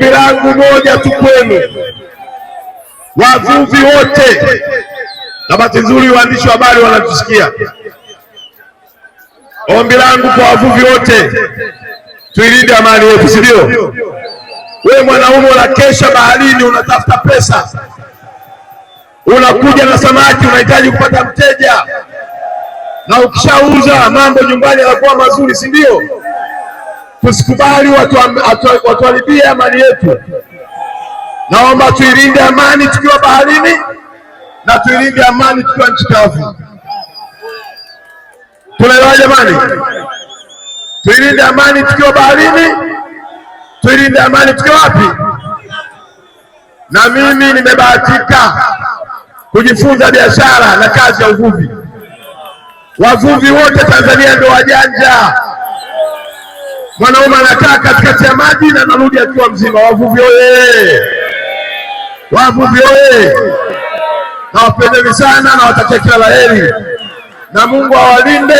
Ombi langu moja tu kwenu, wavuvi wote. Na bahati nzuri waandishi wa habari wanatusikia. Ombi langu kwa wavuvi wote, tuilinde amani yetu, si ndio? Wewe mwanaume unakesha baharini, unatafuta pesa, unakuja na samaki, unahitaji kupata mteja, na ukishauza mambo nyumbani yanakuwa mazuri, si ndio? Tusikubali watuharibie amani yetu. Naomba tuilinde amani tukiwa baharini na tuilinde amani tukiwa nchi kavu. Tunaelewa jamani? Tuilinde amani tukiwa baharini, tuilinde amani tukiwa wapi? Na mimi nimebahatika kujifunza biashara na kazi ya uvuvi. Wavuvi wote Tanzania ndio wajanja mwanaume anakaa katikati ya maji na anarudi akiwa mzima. Wavuvi oye! Wavuvi oye! Nawapendeni sana, nawatakia kila la heri na Mungu awalinde.